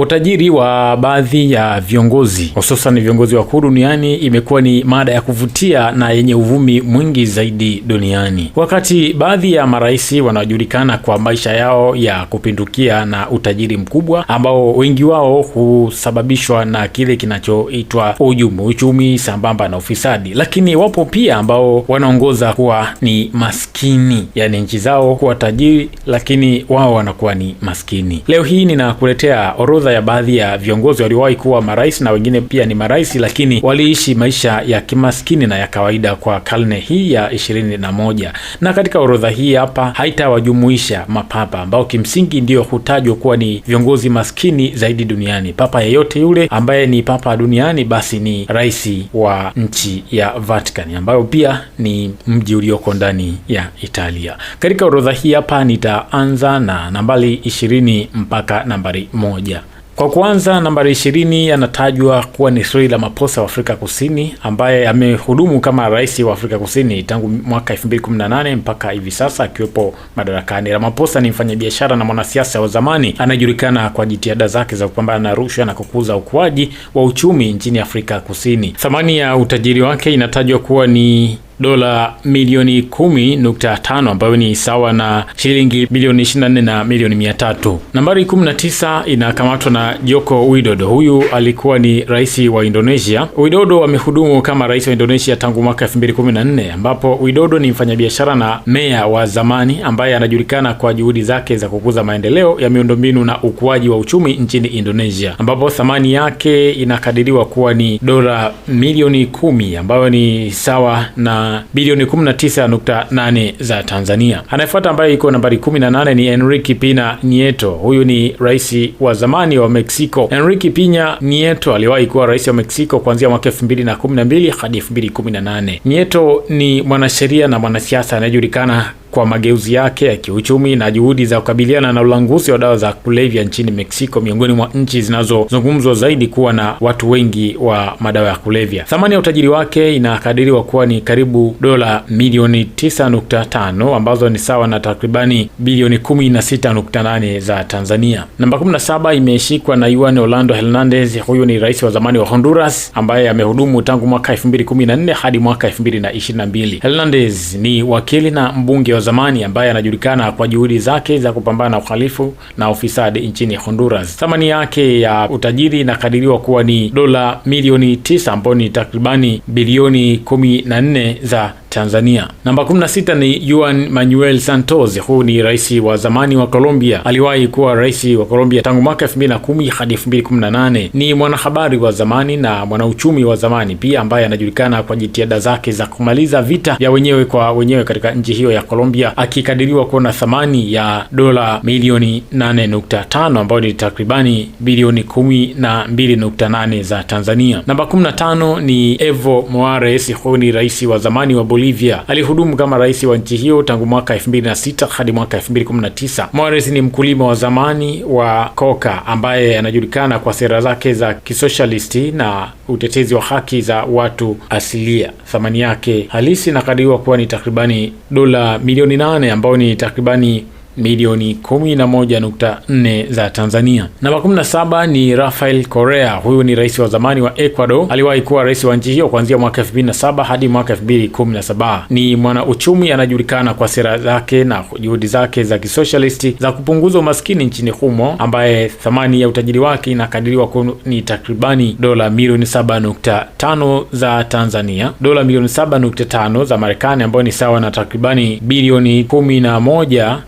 Utajiri wa baadhi ya viongozi hususan viongozi wakuu duniani imekuwa ni mada ya kuvutia na yenye uvumi mwingi zaidi duniani. Wakati baadhi ya marais wanaojulikana kwa maisha yao ya kupindukia na utajiri mkubwa ambao wengi wao husababishwa na kile kinachoitwa ujumu uchumi sambamba na ufisadi, lakini wapo pia ambao wanaongoza kuwa ni maskini, yani nchi zao kuwa tajiri, lakini wao wanakuwa ni maskini. Leo hii ninakuletea orodha orodha ya baadhi ya viongozi waliowahi kuwa marais na wengine pia ni marais, lakini waliishi maisha ya kimaskini na ya kawaida kwa karne hii ya ishirini na moja. Na katika orodha hii hapa haitawajumuisha mapapa ambao kimsingi ndio hutajwa kuwa ni viongozi maskini zaidi duniani. Papa yeyote yule ambaye ni papa duniani basi ni rais wa nchi ya Vatican ambayo pia ni mji ulioko ndani ya Italia. Katika orodha hii hapa nitaanza na nambari ishirini mpaka nambari moja. Kwa kuanza, nambari ishirini anatajwa kuwa ni Cyril Ramaphosa wa Afrika Kusini ambaye amehudumu kama rais wa Afrika Kusini tangu mwaka 2018 mpaka hivi sasa akiwepo madarakani. Ramaphosa ni mfanyabiashara na mwanasiasa wa zamani anayejulikana kwa jitihada zake za kupambana na rushwa na kukuza ukuaji wa uchumi nchini Afrika Kusini. Thamani ya utajiri wake inatajwa kuwa ni dola milioni 10.5 ambayo ni sawa na shilingi bilioni 24 na milioni 300. Nambari 19 inakamatwa na Joko Widodo. Huyu alikuwa ni rais wa Indonesia. Widodo amehudumu kama rais wa Indonesia tangu mwaka 2014 ambapo Widodo ni mfanyabiashara na meya wa zamani ambaye anajulikana kwa juhudi zake za kukuza maendeleo ya miundombinu na ukuaji wa uchumi nchini Indonesia ambapo thamani yake inakadiriwa kuwa ni dola milioni 10 ambayo ni sawa na bilioni 19.8 za Tanzania. Anayefuata ambaye iko nambari 18 ni Enrique Pina Nieto. Huyu ni rais wa zamani wa Mexico. Enrique Pina Nieto aliwahi kuwa rais wa Mexico kuanzia mwaka 2012 hadi 2018. Nieto ni mwanasheria na mwanasiasa anayejulikana kwa mageuzi yake ya kiuchumi na juhudi za kukabiliana na ulanguzi wa dawa za kulevya nchini Mexico, miongoni mwa nchi zinazozungumzwa zaidi kuwa na watu wengi wa madawa ya kulevya. Thamani ya utajiri wake inakadiriwa kuwa ni karibu dola milioni 9.5 ambazo ni sawa na takribani bilioni 16.8 za Tanzania. Namba 17 imeshikwa na Juan Orlando Hernandez. Huyu ni rais wa zamani wa Honduras ambaye amehudumu tangu mwaka 2014 hadi mwaka 2022. Hernandez ni wakili na mbunge wa zamani ambaye anajulikana kwa juhudi zake za kupambana na uhalifu na ufisadi nchini Honduras. Thamani yake ya utajiri inakadiriwa kuwa ni dola milioni tisa ambayo ni takribani bilioni kumi na nne za Tanzania. Namba 16 ni Juan Manuel Santos. Huu ni rais wa zamani wa Colombia, aliwahi kuwa rais wa Colombia tangu mwaka 2010 hadi 2018. Ni mwanahabari wa zamani na mwanauchumi wa zamani pia, ambaye anajulikana kwa jitihada zake za kumaliza vita vya wenyewe kwa wenyewe katika nchi hiyo ya Colombia, akikadiriwa kuwa na thamani ya dola milioni 8.5 ambayo ni takribani bilioni 12.8 za Tanzania. Namba 15 ni Evo Morales. Huu ni rais wa zamani wa Bolivia. Alihudumu kama rais wa nchi hiyo tangu mwaka 2006 hadi mwaka 2019. Morales ni mkulima wa zamani wa coca ambaye anajulikana kwa sera zake za kisoshalisti na utetezi wa haki za watu asilia. Thamani yake halisi inakadiriwa kuwa ni takribani dola milioni nane ambayo ni takribani milioni 11.4 za Tanzania. Namba 17 ni Rafael Correa. Huyu ni rais wa zamani wa Ecuador, aliwahi kuwa rais wa nchi hiyo kuanzia mwaka 2007 hadi mwaka 2017. Ni mwanauchumi anajulikana kwa sera zake na juhudi zake za kisoshalisti za kupunguza umaskini nchini humo, ambaye thamani ya utajiri wake inakadiriwa ni takribani dola milioni 7.5 za Tanzania, dola milioni 7.5 za Marekani, ambayo ni sawa na takribani bilioni 11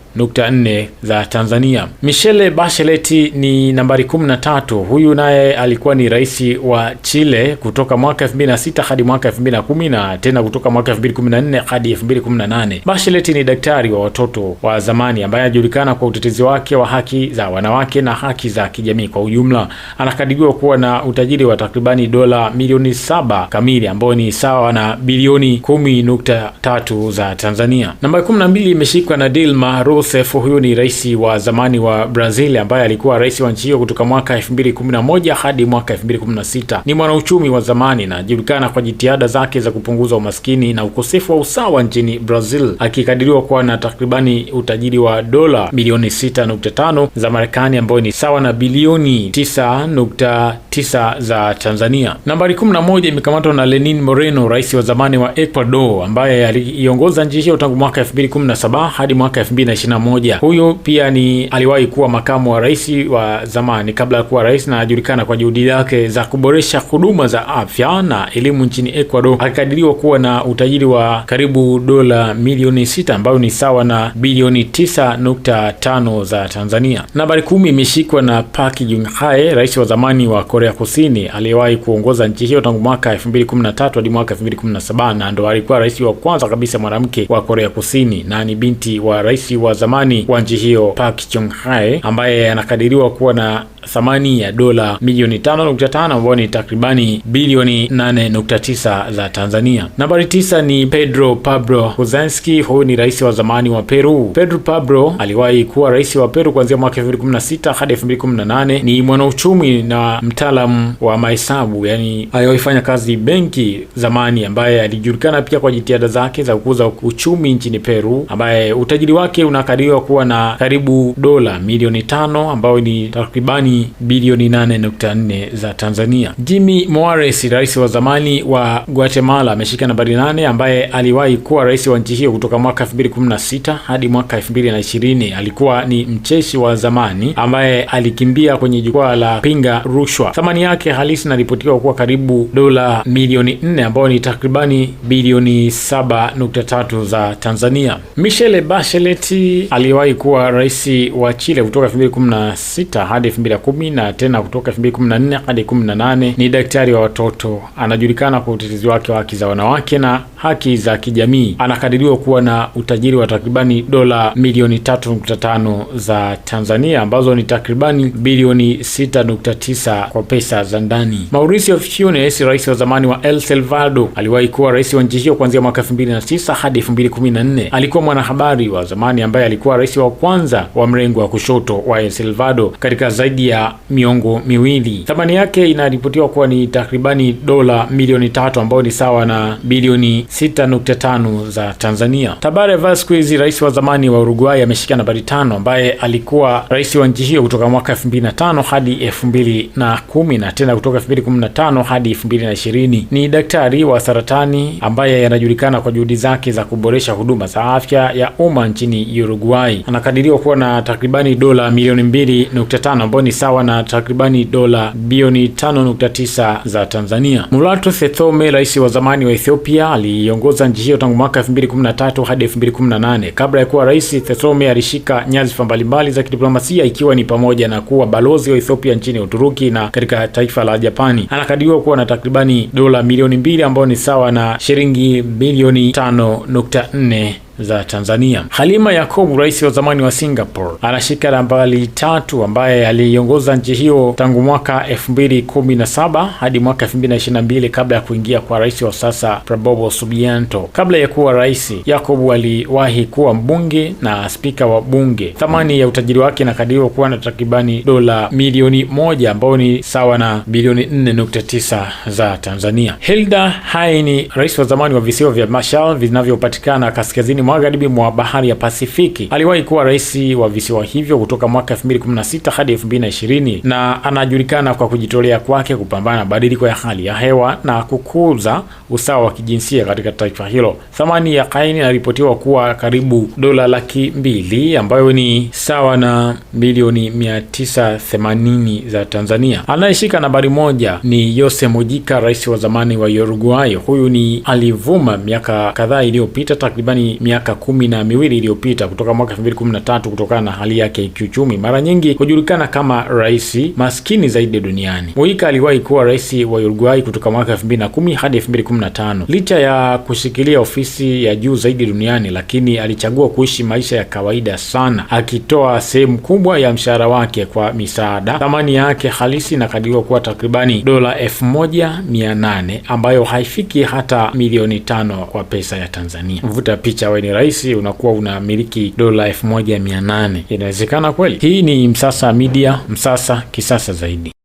za Tanzania. Michelle Bachelet ni nambari 13. Huyu naye alikuwa ni rais wa Chile kutoka mwaka 2006 hadi mwaka 2010 na tena kutoka mwaka 2014 hadi 2018. Bachelet ni daktari wa watoto wa zamani ambaye anajulikana kwa utetezi wake wa haki za wanawake na haki za kijamii kwa ujumla. Anakadiriwa kuwa na utajiri wa takribani dola milioni saba kamili ambayo ni sawa na bilioni 10.3 za Tanzania. Nambari 12 imeshikwa na Dilma Rousseff, huyu ni rais wa zamani wa Brazil ambaye alikuwa rais wa nchi hiyo kutoka mwaka 2011 hadi mwaka 2016. Ni mwanauchumi wa zamani na anajulikana kwa jitihada zake za kupunguza umaskini na ukosefu wa usawa nchini Brazil, akikadiriwa kuwa na takribani utajiri wa dola milioni 6.5 za Marekani, ambayo ni sawa na bilioni 9.9 za Tanzania. Nambari 11 imekamatwa na Lenin Moreno, rais wa zamani wa Ecuador ambaye aliongoza nchi hiyo tangu mwaka 2017 hadi mwaka 2021. Huyu pia ni aliwahi kuwa makamu wa rais wa zamani kabla ya kuwa rais, na anajulikana kwa juhudi zake za kuboresha huduma za afya na elimu nchini Ecuador, akikadiriwa kuwa na utajiri wa karibu dola milioni sita ambayo ni sawa na bilioni 9.5 za Tanzania. Nambari kumi imeshikwa na Park Geun-hye, rais wa zamani wa Korea Kusini aliyewahi kuongoza nchi hiyo tangu mwaka 2013 hadi mwaka 2017, na ndo alikuwa rais wa kwanza kabisa mwanamke wa Korea Kusini na ni binti wa rais wa zamani wa nchi hiyo Park Chung-hae ambaye anakadiriwa kuwa na thamani ya dola milioni 5.5 ambayo ni takribani bilioni 8.9 za Tanzania. Nambari tisa ni Pedro Pablo Kuczynski. Huyu ni rais wa zamani wa Peru. Pedro Pablo aliwahi kuwa rais wa Peru kuanzia mwaka 2016 hadi 2018. Ni mwanauchumi na mtaalamu wa mahesabu, yani aliwahi kazi benki zamani, ambaye alijulikana pia kwa jitihada zake za kukuza uchumi nchini Peru, ambaye utajiri wake una inakadiriwa kuwa na karibu dola milioni tano ambayo ni takribani bilioni 8.4 za Tanzania. Jimmy Moares, rais wa zamani wa Guatemala, ameshika nambari nane ambaye aliwahi kuwa rais wa nchi hiyo kutoka mwaka 2016 hadi mwaka 2020. Alikuwa ni mcheshi wa zamani ambaye alikimbia kwenye jukwaa la pinga rushwa. Thamani yake halisi inaripotiwa kuwa karibu dola milioni 4 ambayo ni takribani bilioni 7.3 za Tanzania. Michelle Bachelet aliyewahi kuwa rais wa Chile kutoka 2016 hadi 2010 na tena kutoka 2014 hadi 18 ni daktari wa watoto. Anajulikana kwa utetezi wake wa haki za wanawake na haki za kijamii anakadiriwa kuwa na utajiri wa takribani dola milioni 3.5 za Tanzania ambazo ni takribani bilioni 6.9 kwa pesa za ndani. Mauricio Funes, rais wa zamani wa El Salvador, aliwahi kuwa rais wa nchi hiyo kuanzia mwaka 2009 hadi 2014. Alikuwa mwanahabari wa zamani ambaye alikuwa rais wa kwanza wa mrengo wa kushoto wa El Salvador katika zaidi ya miongo miwili. Thamani yake inaripotiwa kuwa ni takribani dola milioni tatu ambayo ni sawa na bilioni 6.5 za Tanzania. Tabare Vasquez, rais wa zamani wa Uruguay, ameshika nambari tano, ambaye alikuwa rais wa nchi hiyo kutoka mwaka 2005 hadi 2010 na tena kutoka 2015 hadi 2020. Ni daktari wa saratani ambaye anajulikana kwa juhudi zake za kuboresha huduma za afya ya umma nchini Uruguay. Anakadiriwa kuwa na takribani dola milioni 2.5 ambayo ni sawa na takribani dola bilioni 5.9 za Tanzania. Mulato Sethome, rais wa zamani wa Ethiopia, ali aliongoza nchi hiyo tangu mwaka 2013 hadi 2018. Kabla ya kuwa rais, thesome alishika nyadhifa mbalimbali za kidiplomasia ikiwa ni pamoja na kuwa balozi wa Ethiopia nchini Uturuki na katika taifa la Japani. Anakadiriwa kuwa na takribani dola milioni mbili ambayo ni sawa na shilingi bilioni 5.4 za Tanzania. Halima yakobu rais wa zamani wa Singapore, anashika nambari tatu, ambaye aliiongoza nchi hiyo tangu mwaka 2017 hadi mwaka 2022 kabla ya kuingia kwa rais wa sasa Prabowo Subianto. Kabla ya kuwa rais, yakobu aliwahi kuwa mbunge na spika wa bunge. Thamani ya utajiri wake inakadiriwa kuwa na takribani dola milioni moja ambayo ni sawa na bilioni 4.9 za Tanzania. Hilda Haini, rais wa zamani wa visiwa vya Marshall vinavyopatikana kaskazini magharibi mwa bahari ya Pasifiki. Aliwahi kuwa rais wa visiwa hivyo kutoka mwaka 2016 hadi 2020 na anajulikana kwa kujitolea kwake kupambana na mabadiliko ya hali ya hewa na kukuza usawa wa kijinsia katika taifa hilo. Thamani ya kaini inaripotiwa kuwa karibu dola laki mbili ambayo ni sawa na milioni 980 za Tanzania. Anayeshika nambari moja ni Yose Mujika, rais wa zamani wa Uruguay. Huyu ni alivuma miaka kadhaa iliyopita takribani miaka miaka kumi na miwili iliyopita kutoka mwaka 2013 kutokana na hali yake ya kiuchumi. Mara nyingi hujulikana kama rais maskini zaidi duniani. Mujica aliwahi kuwa rais wa Uruguay kutoka mwaka 2010 hadi 2015. Licha ya kushikilia ofisi ya juu zaidi duniani, lakini alichagua kuishi maisha ya kawaida sana, akitoa sehemu kubwa ya mshahara wake kwa misaada. Thamani yake halisi inakadiriwa kuwa takribani dola elfu moja mia nane ambayo haifiki hata milioni tano kwa pesa ya Tanzania. Mvuta picha wewe ni rahisi, unakuwa unamiliki dola elfu moja mia nane. Inawezekana kweli? Hii ni Msasa Media, Msasa kisasa zaidi.